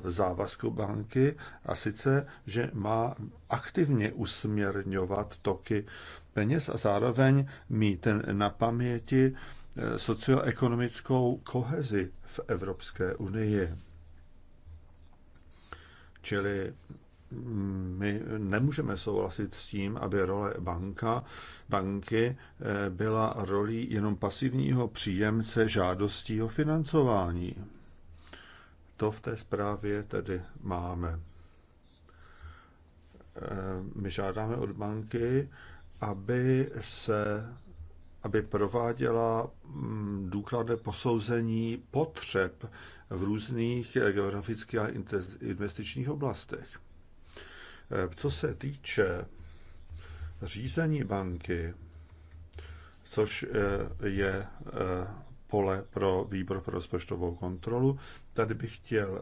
eh, závazku banky a sice, že má aktivně usměrňovat toky peněz a zároveň mít na paměti socioekonomickou kohezi v Evropské unii. Čili my nemůžeme souhlasit s tím, aby role banka, banky eh, byla rolí jenom pasivního příjemce žádostí o financování. To v té zprávě tedy máme. Eh, my žádáme od banky, aby se aby prováděla mm, důkladné posouzení potřeb v různých geografických a investičních oblastech. Eh, co se týče řízení banky, což eh, je eh, pole pro výbor pro rozpočtovou kontrolu, tady bych chtěl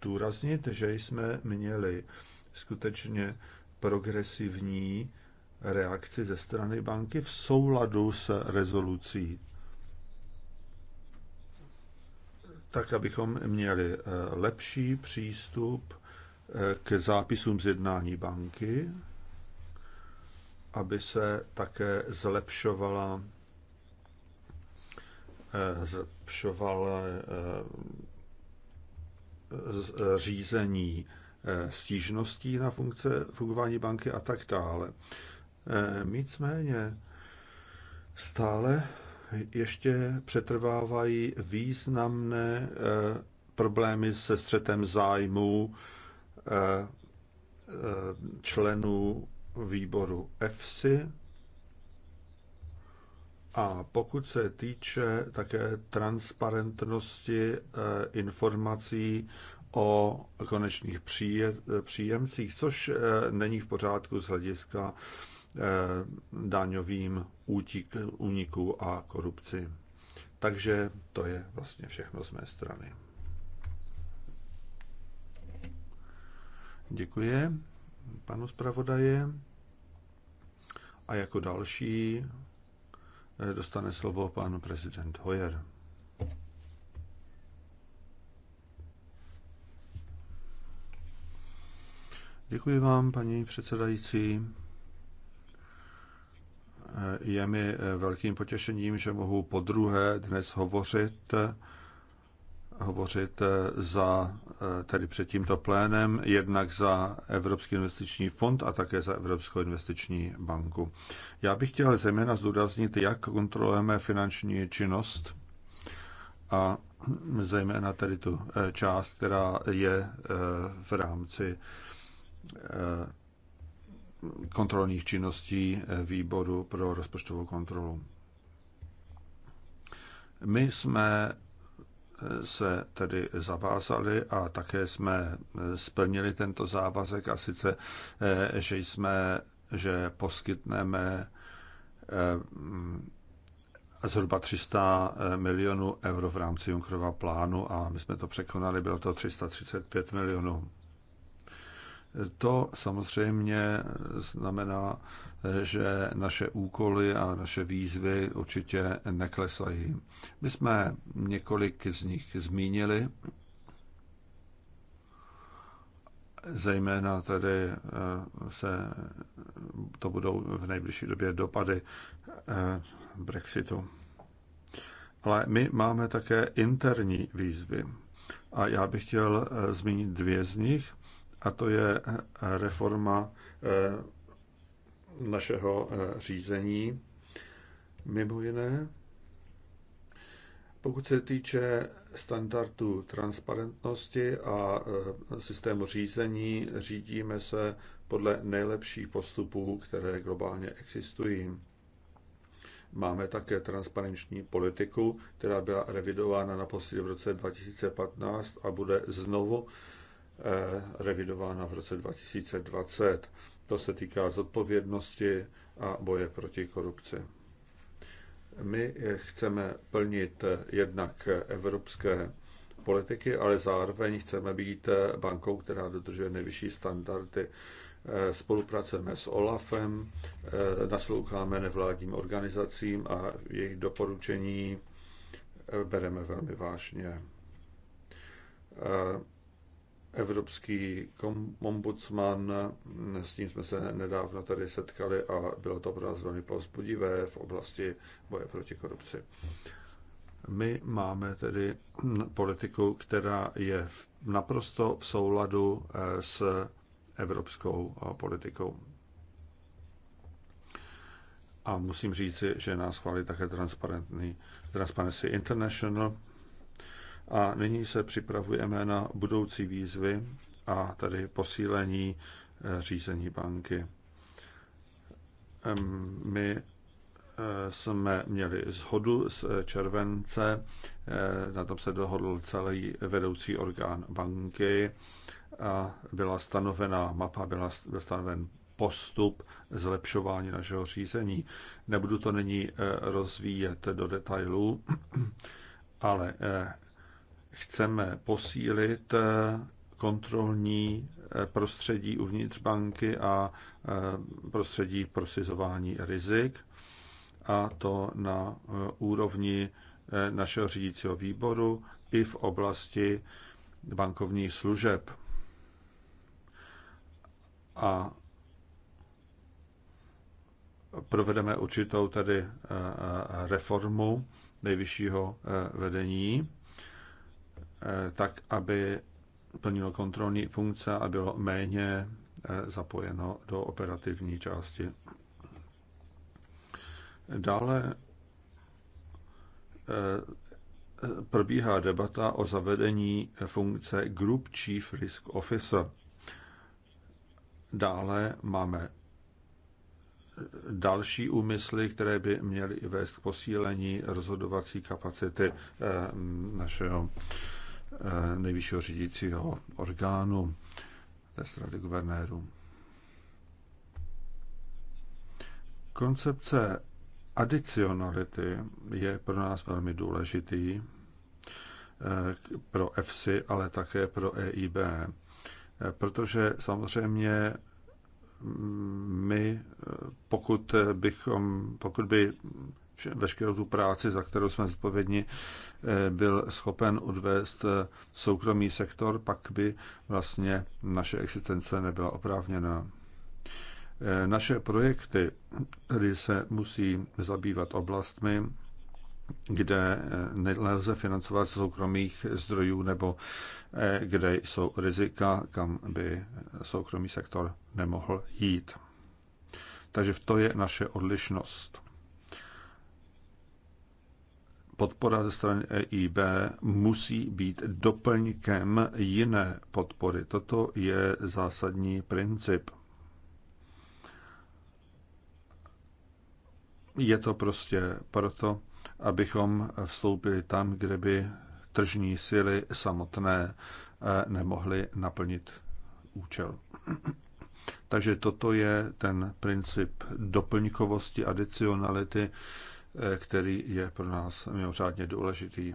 zdůraznit, že jsme měli skutečně progresivní reakci ze strany banky v souladu s rezolucí. Tak, abychom měli lepší přístup k zápisům z jednání banky, aby se také zlepšovala eh, zlepšovala eh, eh, řízení stížností na funkce, fungování banky a tak dále. Nicméně stále ještě přetrvávají významné problémy se střetem zájmů, členů výboru EFSI a pokud se týče také transparentnosti eh, informací o konečných příjemcích, což eh, není v pořádku z hlediska eh, daňovým únik, úniku a korupci. Takže to je vlastně všechno z mé strany. Děkuji panu zpravodaje. A jako další eh, dostane slovo pan prezident Hoyer. Děkuji vám, paní předsedající. Eh, je mi eh, velkým potěšením, že mohu po druhé dnes hovořit hovořit eh, za, eh, tedy před tímto plénem, jednak za Evropský investiční fond a také za Evropskou investiční banku. Já bych chtěl zejména zdůraznit, jak kontrolujeme finanční činnost a zejména tedy tu eh, část, která je v rámci kontrolních činností výboru pro rozpočtovou kontrolu. My jsme se tedy zavázali a také jsme splnili tento závazek a sice, eh, že jsme, že poskytneme eh, zhruba 300 eh, milionů euro v rámci Junckerova plánu a my jsme to překonali, bylo to 335 milionů. To samozřejmě znamená, že naše úkoly a naše výzvy určitě neklesají. My jsme několik z nich zmínili, zejména tedy eh, se to budou v nejbližší době dopady eh, Brexitu. Ale my máme také interní výzvy. A já bych chtěl eh, zmínit dvě z nich – a to je eh, reforma eh, našeho eh, řízení. Mimo jiné, pokud se týče standardu transparentnosti a systému řízení, řídíme se podle nejlepších postupů, které globálně existují. Máme také transparenční politiku, která byla revidována na naposledy v roce 2015 a bude znovu Eh, revidována v roce 2020. To se týká zodpovědnosti a boje proti korupci. My chceme plnit jednak evropské politiky, ale zároveň chceme být bankou, která dodržuje nejvyšší standardy. Eh, spolupracujeme s OLAFem, eh, nasloucháme nevládním organizacím a jejich doporučení bereme velmi vážně. Evropský ombudsman, s ním jsme se nedávno tady setkali a bylo to pro nás velmi povzbudivé v oblasti boje proti korupci. My máme tedy politiku, která je naprosto v souladu eh, s evropskou eh, politikou. A musím říci, že nás chválí také Transparency International, a nyní se připravujeme na budoucí výzvy a tady posílení eh, řízení banky. My eh, jsme měli zhodu z eh, července, na tom se dohodl celý vedoucí orgán banky a byla stanovena mapa, byla, byl stanoven postup zlepšování našeho řízení. Nebudu to nyní rozvíjet do detailů, ale Chceme posílit eh, kontrolní eh, prostředí uvnitř banky a eh, prostředí prosizování rizik, a to na úrovni našeho řídícího výboru i v oblasti bankovních služeb. A provedeme určitou tedy reformu nejvyššího vedení Eh, tak aby plnilo kontrolní funkce a bylo méně eh, zapojeno do operativní části. Dále eh, probíhá debata o zavedení funkce Group Chief Risk Officer. Dále máme další úmysly, které by měly vést k posílení rozhodovací kapacity našeho Eh, nejvyššího řídícího orgánu té strany guvernérů. Koncepce adicionality je pro nás velmi důležitý, eh, pro FC, ale také pro EIB, eh, protože samozřejmě mm, my, pokud, bychom, pokud by veškerou tu práci, za kterou jsme zodpovědní, eh, byl schopen odvést eh, soukromý sektor, pak by vlastně naše existence nebyla oprávněná. Eh, naše projekty tedy se musí zabývat oblastmi, kde nelze financovat z soukromých zdrojů nebo kde jsou rizika, kam by soukromý sektor nemohl jít. Takže to je naše odlišnost podpora ze strany EIB musí být doplňkem jiné podpory. Toto je zásadní princip. Je to prostě proto, abychom vstoupili tam, kde by tržní síly samotné eh, nemohly naplnit účel. Takže toto je ten princip doplňkovosti, adicionality, který je pro nás mimořádně důležitý.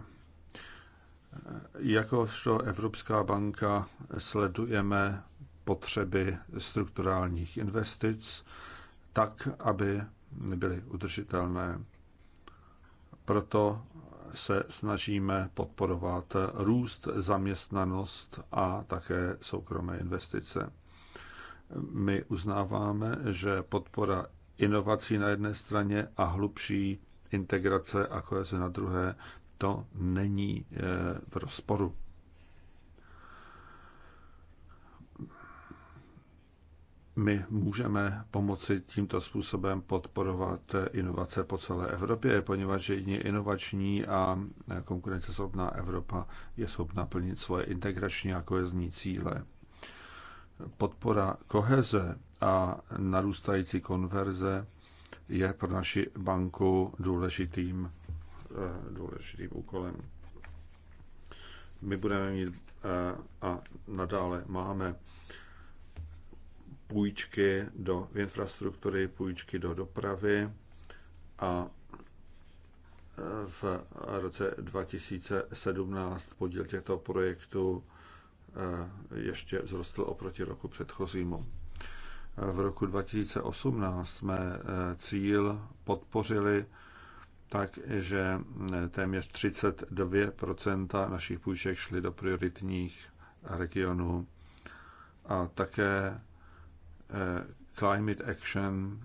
Jakožto Evropská banka sledujeme potřeby strukturálních investic tak, aby byly udržitelné. Proto se snažíme podporovat růst, zaměstnanost a také soukromé investice. My uznáváme, že podpora inovací na jedné straně a hlubší integrace a koheze na druhé, to není eh, v rozporu. My můžeme pomoci tímto způsobem podporovat eh, inovace po celé Evropě, poněvadž jedině inovační a eh, konkurenceschopná Evropa je schopna plnit svoje integrační a kohezní cíle. Podpora koheze a narůstající konverze je pro naši banku důležitým, eh, důležitým úkolem. My budeme mít eh, a nadále máme půjčky do infrastruktury, půjčky do dopravy a eh, v roce 2017 podíl těchto projektů ještě vzrostl oproti roku předchozímu v roku 2018 jsme e, cíl podpořili tak, že e, téměř 32 našich půjček šly do prioritních regionů. A také e, Climate Action